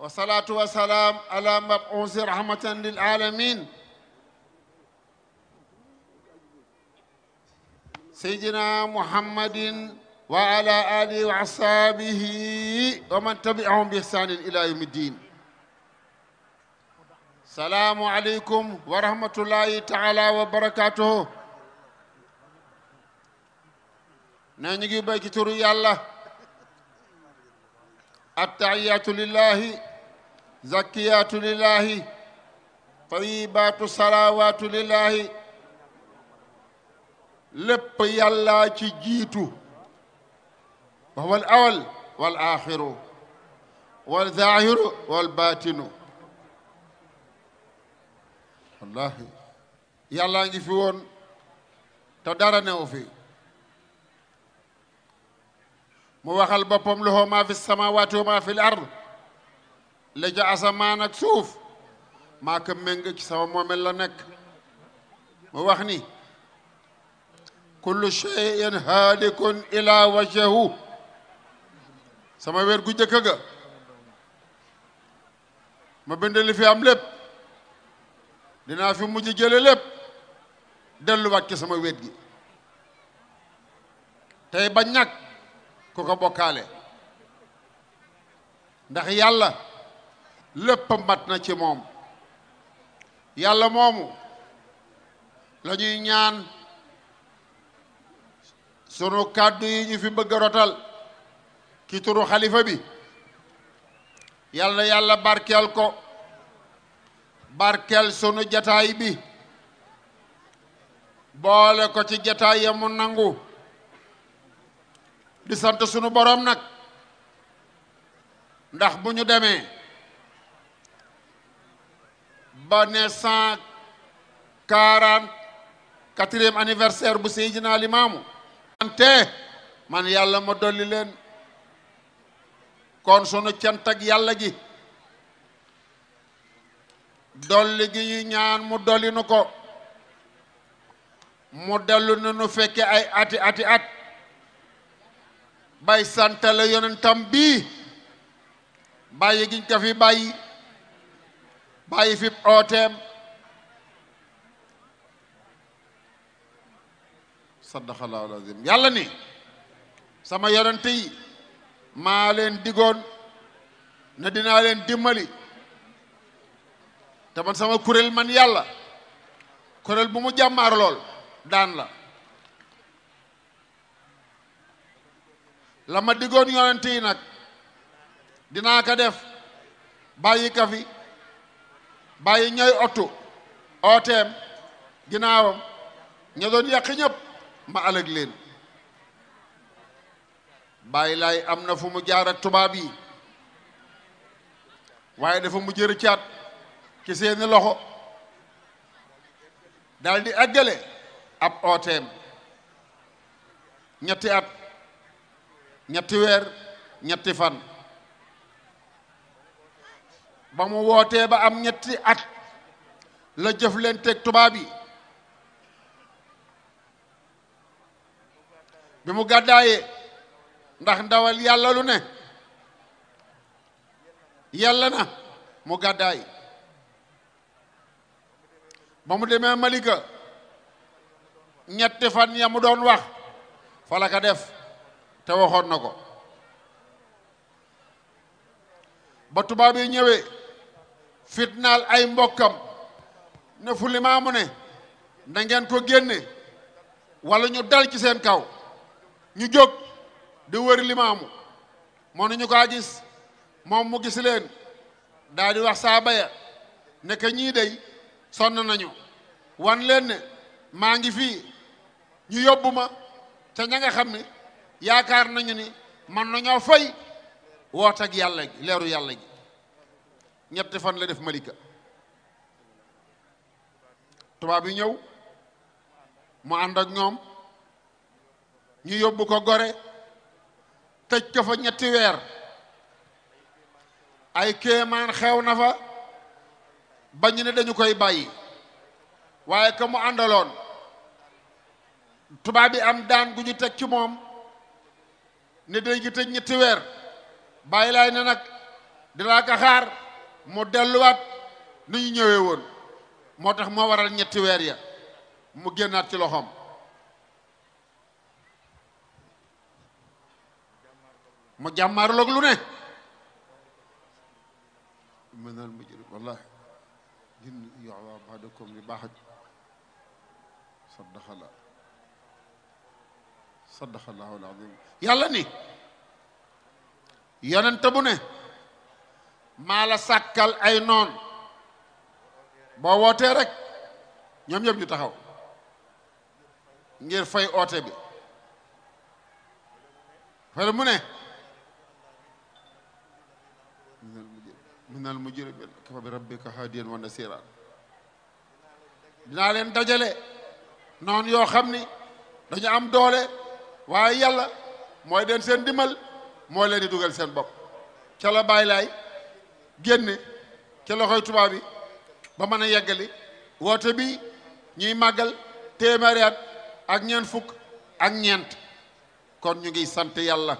وصلاة وسلام على مبعوث رحمة للعالمين سيدنا محمد وعلى آله وأصحابه ومن تبعهم بإحسان إلى يوم الدين السلام عليكم ورحمة الله تعالى وبركاته نجيب باكي توري الله التعيات لله زكيات لله طيبات صلوات لله لب يلا جيتو وهو الأول والآخر والظاهر والباطن الله يلا نجفون تدارنا وفي موخال بابم لهما في السماوات وما في الأرض la ja asamaan ak suuf maa ko méng ci sama moomel la nekk mu wax ni kullu shay'in haalikun ila wajhahu sama weer gu jëkk ga ma bind li fi am lépp dinaa fi mujj jële lépp delluwaat ci sama wet gi tey ba ñàkk ku ko bokkaale ndax yàlla lépp mat na ci moom yàlla moomu la ñaan sunu kàddu yi ñu fi bëgg a rotal ci xalifa bi yàlla yàlla barkeel ko barkeel sunu jataay bi boole ko ci jataay ya nangu di sant sunu borom nag ndax bu ñu demee ba ne cent quarante quatrième anniversaire bu Seydina Limaamu man yàlla ma dolli leen kon sunu cant ak yàlla gi dolli gi ñaan mu dolli nu ko mu dellu na nu fekke ay ati ati at bay santale yonentam bii bàyyi giñ ko fi bàyyi bàyyi fi ooteem sadaqallaahu yàlla ni sama yonente maa leen digoon ne dinaa leen dimmali te sama kuréel man yàlla kureel bu mu jàmmaar lool daan la lama ma digoon yonente yi nag dinaa ko def bàyyi ka fi bàyyi ñooy otu ooteem ginnaawam ña doon yàqi ñëpp ma àllëg leen bàyyi laay am na fu mu jaar ak tubaab yi waaye dafa mu jëri caat ci seeni loxo daal di eggale ab ooteem ñetti at ñetti weer ñetti fan ba mu wootee ba am ñetti at la jëflanteeg tubaab yi bi mu gàddaayee ndax ndawal yàlla lu ne yàlla na mu gàddaay ba mu demee Malika ñetti fan ya mu doon wax fa la def te waxoon na ko ba tubaab ñëwee fitnaal ay mbokkam ne fu limaamu ne na ngeen ko génne wala ñu dal ci seen kaw ñu jóg di wër limaamu mënuñu kaa gis moom mu gis leen daal wax saaba ya ne que ñii dey sonn nañu wan leen ne maa ngi fii ñu yóbbu ma te ña nga xam ne yaakaar nañu ni man nañoo fay woot ak yàlla leeru yàlla gi ñetti fan la def Malika tubaab yi ñëw mu ànd ñoom ñu yóbbu ko gore tëj ko fa ñetti weer ay kéemaan xew na fa bañ ne dañu koy bàyyi waaye ka mu àndaloon tubaab bi am daan gu ñu teg ci moom ne dañ ci tëj ñetti weer bàyyi laay ne nag dinaa ko xaar moo delluwaat nu ñu ñëwee woon moo tax moo waral ñetti weer ya mu génnaat ci loxoom mu jàmmaarloog lu ne mu jëri wallahi jinn yowa badakum li baax saddaxala saddaxallahu alazim yàlla ni yonente bu ne maa la sàkkal ay noon boo wootee rek ñoom ñëpp ñu taxaw ngir fay oote bi fale mu ne minal mujrimin kafa bi rabbika hadiyan wa nasiran dinaa leen dajale noon yoo xam ni dañu am doole waaye yàlla mooy den seen dimal mooy leen di dugal seen bopp calabaay lay génne ca loxoy tubaab yi ba mën a yeggali woote bi ñuy màggal téeméeri at ak ñeent fukk ak ñeent kon ñu ngi sant yàlla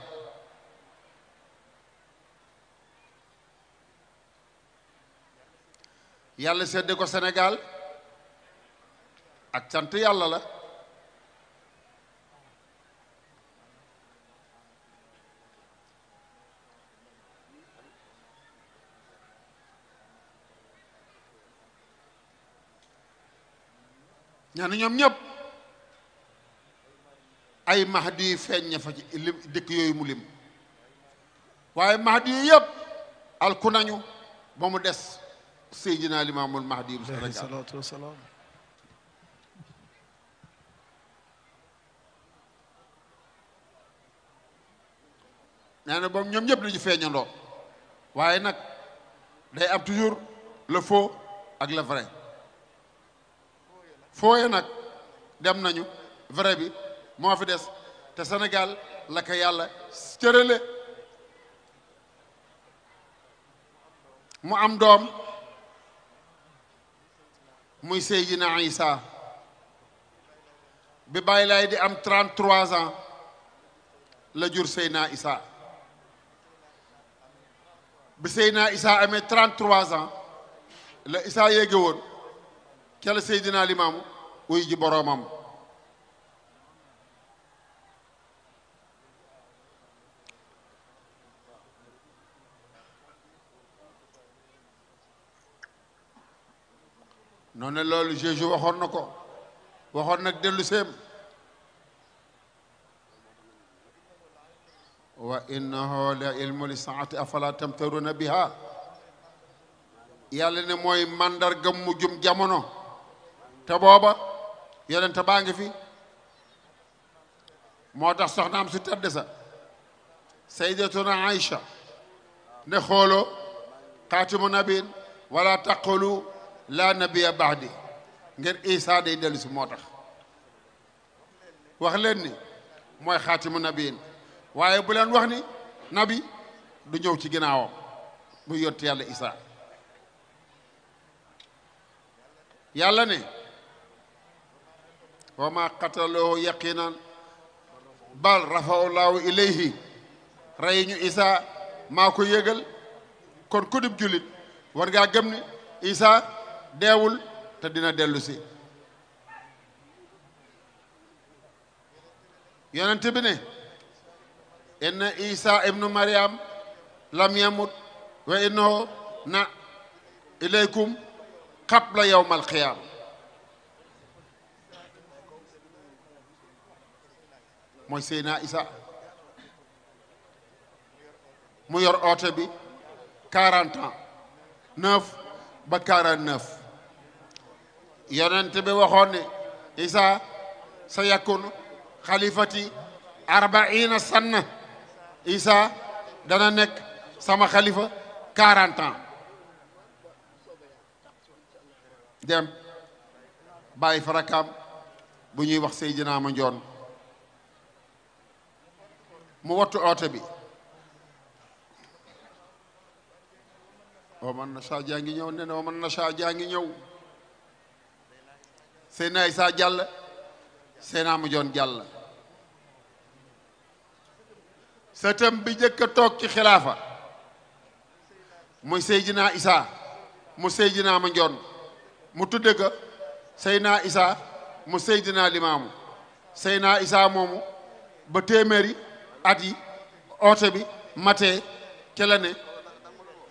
yàlla sedde ko Sénégal ak sant yàlla la ñoo ñoom ñëpp ay mahdi yu feeñ fa ci dëkk yooyu mu lim waaye mahdi yu yëpp alku nañu ba mu des Seydina Limaamul Mahdi bu salaatu wa salaam nee na boobu ñoom ñëpp dañu feeñandoo waaye nag day am toujours le faux ak le vrai fooye nag dem nañu vrai bi moo fi des te Sénégal la yàlla yàlla cërale mu am doom muy Seydina Isa bi Baay Laay di am 33 ans la jur Seydina Isa bi Seydina Isa amee 33 ans la Isa yege woon ca la Seydina Limaamu wuy ji boroomam noonu loolu Jésus waxoon na ko waxoon nag dellu seem wa innahu la ilmu li saati afala tamtaruna biha yàlla ne mooy màndarga mujjum jamono te booba يلن تبانج في موتا سخنام ستر سيدتنا عائشة نخولو قاتم نبين ولا تقولوا لا نبي بعدي غير إيسا دي دلس موضع وخلني موي خاتم نبين وايه بلان وخني نبي دو نيو سي غيناو بو يوت يالا عيسى يالا ني wa ma qataluhu yaqinan bal rafahu llahu ilayhi rey isa maa ko kon kudub jullit war ngaa gëm isa deewul te dina dellusi si yonent bi ne inna isa ibnu mariam lam yamut wa na ilaykum qabla yawm alqiyama mooy Seyna Isa mu yor oote bi 40 ans 9 ba 49 yonent bi waxoon ne Isa sa yakunu xalifati arbaina sanna Isa dana nekk sama xalifa 40 ans dem bàyyi farakaam bu ñuy wax Seydina Mandione mu wattu oote bi wa man na saa jaa ngi wa man na saa jaa ngi ñëw Seydina Isaa jàll Seydina mu joon jàll sëtam bi jëkk a toog ci xilaafa muy Seydina Isaa mu Seydina mu njoon mu tudde ko Seydina Isaa mu Seydina Limaamu Seydina Isaa moomu ba téeméeri at yi bi matee ca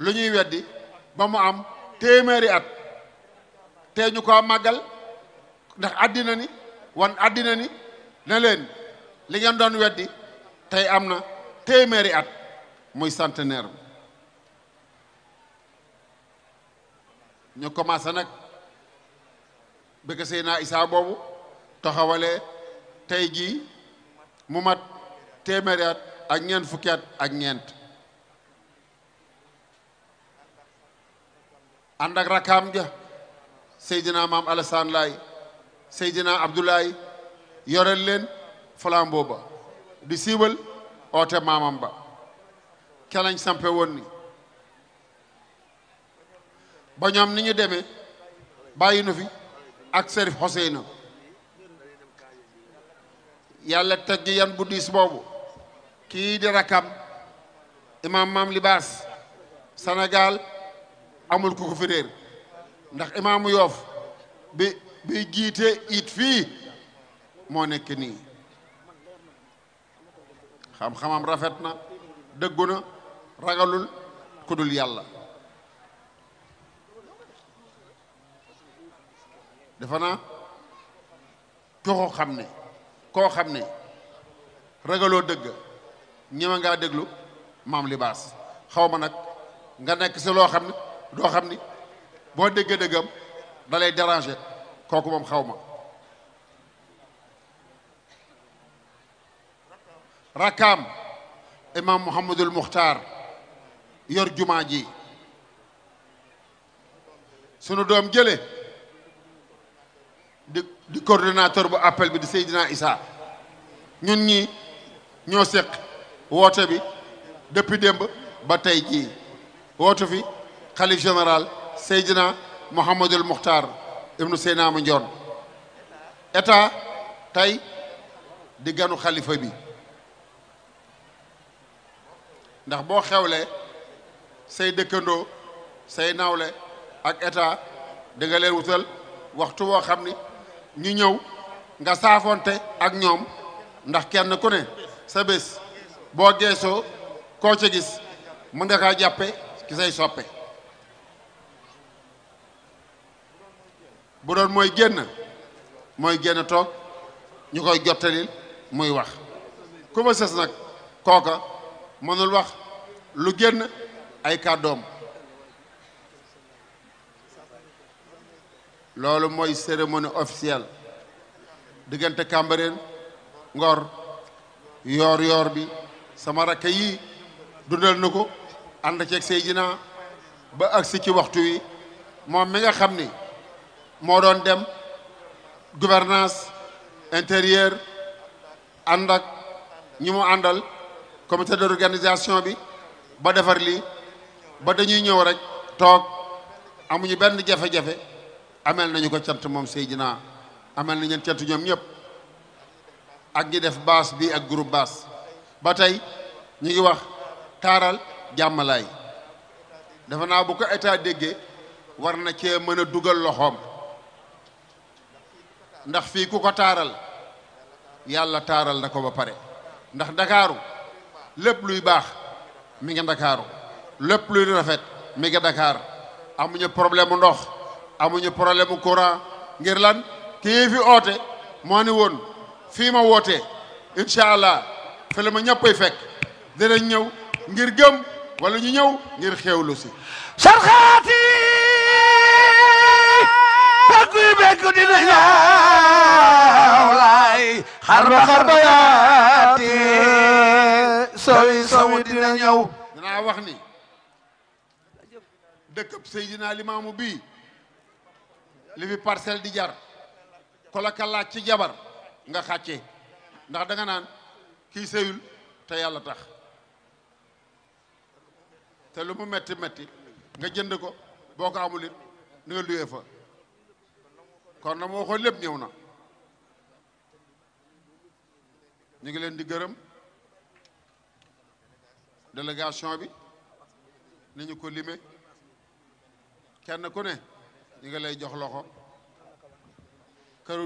lu ñuy weddi ba mu am téeméeri at te ñu ko màggal ndax àddina ni wan àddina ni ne leen li ngeen doon weddi tey am na téeméeri at muy centenaire ñu commencé nag bëgg na Isaa boobu taxawalee tey jii mu mat téeméeri at ak ñeent fukki at ak ñeent ànd ak rakam ja Seydina Maam Alassane Laay Seydina Abdoulaye yorel leen flambeau ba di siiwal oote maamam ba kelañ sampe woon ni ba ñoom ni ñu demee bàyyi nu fi ak Serif Hoseyna yàlla tegg yan bu diis boobu kii di rakam imaam maam libaas Sénégal amul ku ko fi ndax imaamu yoof bi bi jiite it fii moo nekke nii xam-xamam rafet na dëggu ragalul ku yàlla defana naa xam ne ko xamne ne deug ñima nga déglu mam libas xawma nak nga nek ci lo xamne do doo bo degge degam dalay déranger koku mom xawma rakam rakkaam imam mouhamadul muxtaar yor jumaa ji sunu dom jële di coordonnateur bu appel bi di Seydina Issa ñun ñi ñoo seq woote bi depuis démb ba tey jii woote fi xalif général Seydina Mouhamadul Mukhtar ibnu Seynaama Ndion état tey di ganu xalifa bi ndax boo xewlee sey dëkkandoo say nawle ak état di leen wutal waxtu woo xam ni ñu ñëw nga saafonte ak ñoom ndax kenn ku ne sa bés boo geesoo koo ca gis mën nga kaa jàppe ki say soppe bu doon mooy génn mooy génn toog ñu koy jottalil muy wax ku ma sës nag kooka mënul wax lu génn ay kàddoom loolu une cérémonie officielle diggante Ngor yor Yor bi sama rakay yi dundal ba ak ci waxtu wi mi doon dem gouvernance intérieure Andak, ak Andal, Comité comité d'organisation bi ba defar li ba dañuy ñëw rek toog amuñu benn amel nañu ko cant moom Seydina amel nañu cant ñoom ñëpp ak ñi def baas bi ak groupe baas ba tey ñu ngi wax taaral jàmmalaay dafa naa bu ko état déggee war na cee mën a dugal loxoom ndax fii ku ko taaral yàlla taaral na ko ba pare ndax ndakaaru lépp luy baax mi ngi ndakaaru lépp luy rafet mi ngi Dakar amuñu problème mu ndox amuñu problème mu courant ngir lan kii fi oote moo woon fii ma woote incha allah fi la ma ñëppay fekk dinañ ñëw ngir gëm wala ñu ñëw ngir xewlu si sarxaati bakku yi bekku dina ñaaw laay xarba yaati sowi sowi dina ñëw dinaa wax ni dëkkab Seydina Limaamu bi li fi parcelle di jar kolakalaaj ci jabar nga xàccee ndax danga naan kii sëyul te yàlla tax te lu mu metti metti nga jënd ko boo ko amul it ni fa kon na moo waxoon lépp ñëw na ñu ngi leen di gërëm délégation bi ni ñu ko limee kenn ku ne lay jox loxo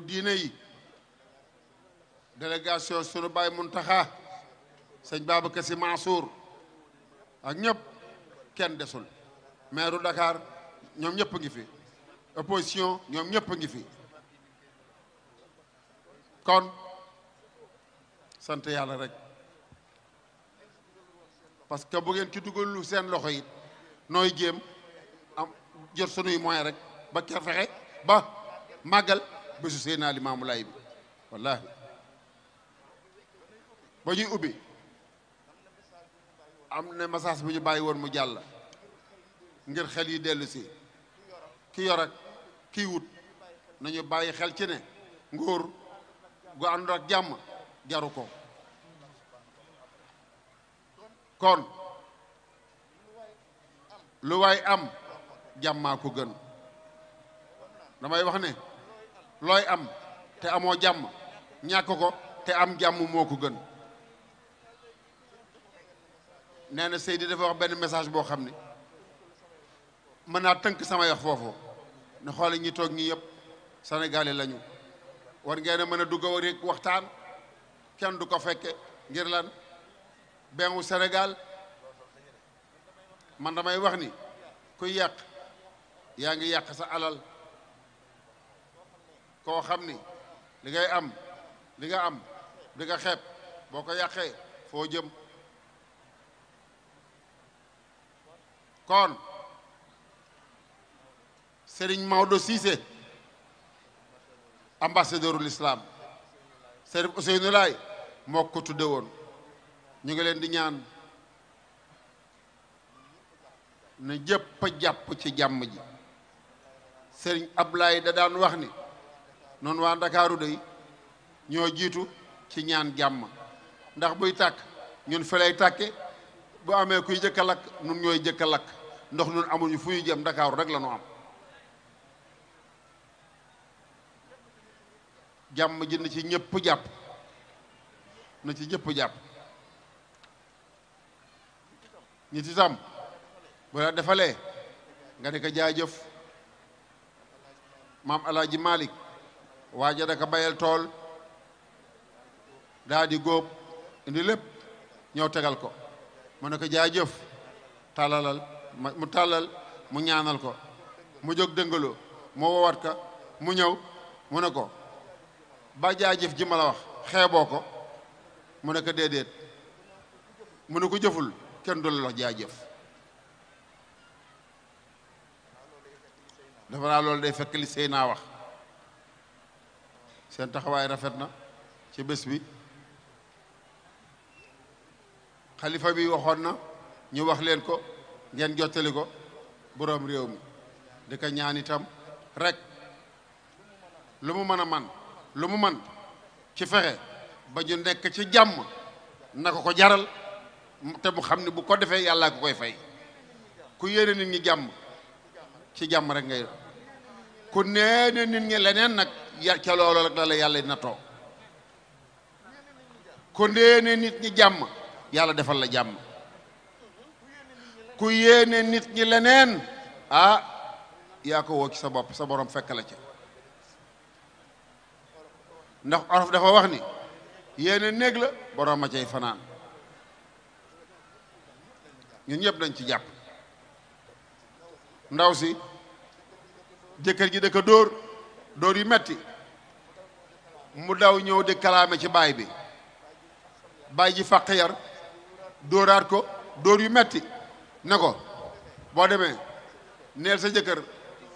yi délégation sunu le muntaha seigne Babacar Mansour ak ñep kenn desul maire Dakar ñom ngi fi opposition ngi fi kon rek parce que bu ngeen ci seen loxo am rek ba ca fexe ba màggal bésu Seydina Limaamu Laay bi wallaahi ba ñuy ubbi am na message bu ñu bàyyi woon mu jàll ngir xel yi dellusi ki yor ak wut nañu bàyyi xel ci ne ngóor gu ànd ak jàmm jaru ko kon lu waay am jàmmaa ko gën damay wax ne looy am te amoo jàmm ñàkk ko te am jàmm moo ko gën nee na Seydi dafa wax benn message boo xam ne mën naa tënk sama yax foofu ne xoole ñi toog ñi yëpp sénégalais lañu war ngeen a mën a dugg rek waxtaan kenn du ko fekke ngir lan bengu Sénégal man damay wax ni kuy yàq yaa ngi yàq sa alal koo xam ni li ngay am li nga am li nga xeeb boo ko yàqee foo jëm kon Serigne Maodo Cissé ambassadeur ul islam Serigne Ousseynou Laye moo ko tudde woon ñu ngi leen di ñaan na jëpp a jàpp ci jàmm ji Serigne Ablaye da daan wax ni noonu waa ndakaaru day ñoo jiitu ci ñaan jàmm ndax buy tàkk ñun fi lay tàkke bu amee kuy jëkk a lakk nun ñooy jëkk a lakk ndox nun amuñu fu ñu jëm ndakaaru rek la ñu am jàmm ji na ci ñëpp jàpp na ci ñëpp jàpp ñi ci tam defalee nga ne ko jaajëf maam alaaji Malick waaja da ka bayal tool daa góob indi lépp ñëw tegal ko mu ne ko jaajëf tàllalal mu tàllal mu ñaanal ko mu jóg dëngaloo mu wowat ka mu ñëw mu ne ko ba jaajëf ji ma wax xeeboo ko mu ne ko déedéet mu ne ko jëful kenn du la wax jaajëf dafa naa loolu day fekk li naa wax seen taxawaay rafet na ci bés bi xalifa bi waxoon na ñu wax leen ko ngeen jottali ko boroom réew mi di ko ñaan itam rek lu mu mën a man lu mu man ci fexe ba ñu nekk ci jàmm na ko ko jaral te bu xam ne bu ko defee yàlla ko koy fay ku yéene nit ñi jàmm ci jàmm rek ngay ku neene nit ñi leneen nag ya ca loolu rek la yàlla na too ku yéene nit ñi jàmm yàlla defal la jàmm ku yéene nit ñi leneen ah yaa ko woo ci sa bopp sa borom fekk la ca ndax orof dafa wax ni yéene néeg la borom a cay fanaan ñun ñëpp dañ ci jàpp ndaw si jëkkër ji da dóor dóor yu metti mu daw ñëw di kalaame ci baay bi baay ji fàq yar dóoraat ko dóor yu metti ne ko boo demee neel sa jëkkër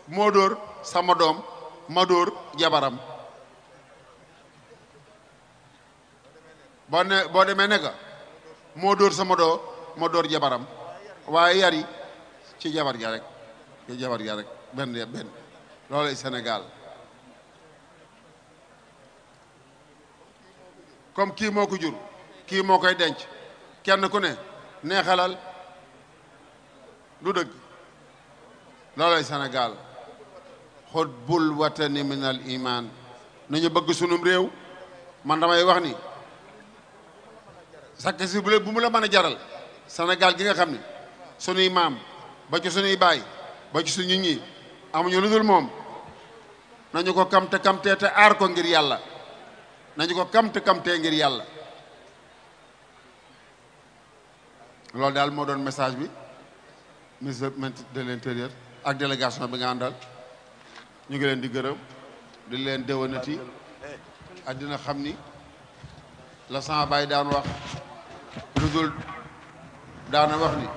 moo dóor sama doom ma dóor jabaram boo ne boo demee ne ka moo dóor sama doo ma dóor jabaram waaye yari ci jabar ja rek ci jabar ja rek benn benn loolu Sénégal comme kii moo ko jur kii moo koy denc kenn ku ne neexalal lu dëgg loolay Sénégal xubbul watani min al iman ñu bëgg sunum réew man damay wax ni sakk si bu mu la mën a jaral Sénégal gi nga xam ne sunuy maam ba ci sunuy baay ba ci suñu ñi amuñu lu dul moom nañu ko kamte kamte te aar ko ngir yàlla nañu ko kamte kamtee ngir yalla lol dal mo doon message bi ministre de l'intérieur ak délégation bi nga andal ñu ngi leen di gëreum di leen déwénati adina xamni la sama bay daan wax lu daana wax ni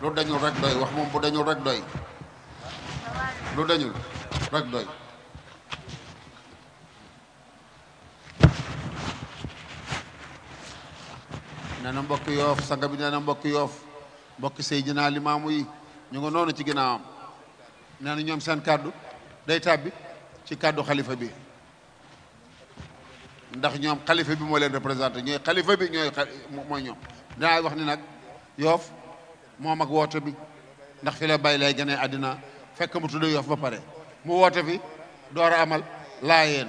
lu dañu rek doy wax mom bu dañu rek doy lu dañu rek doy nee na mbokk yoof sanga bi nee na mbokk yoof mbokk Seydina Limaamu yi ñu nga ci ginnaawam nee ñoom seen kàddu day tàbbi ci kàddu xalifa bi ndax ñoom kalifa bi moo leen représenté ñooy xalifa bi ñooy mooy ñoom daa wax ni nag yoof moom ak wooto bi ndax fi la lay gënee àddina fekk mu tudd yoof ba pare mu wooto fi door a amal laayeen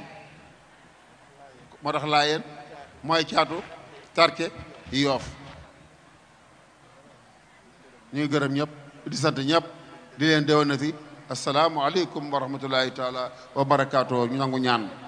moo tax laayeen mooy caatu tarke yoof ñuy gërëm ñëpp di sant ñëpp di leen déwénati asalaamualeykum wa rahmatullahi taala wa barakaatu ñu nangu ñaan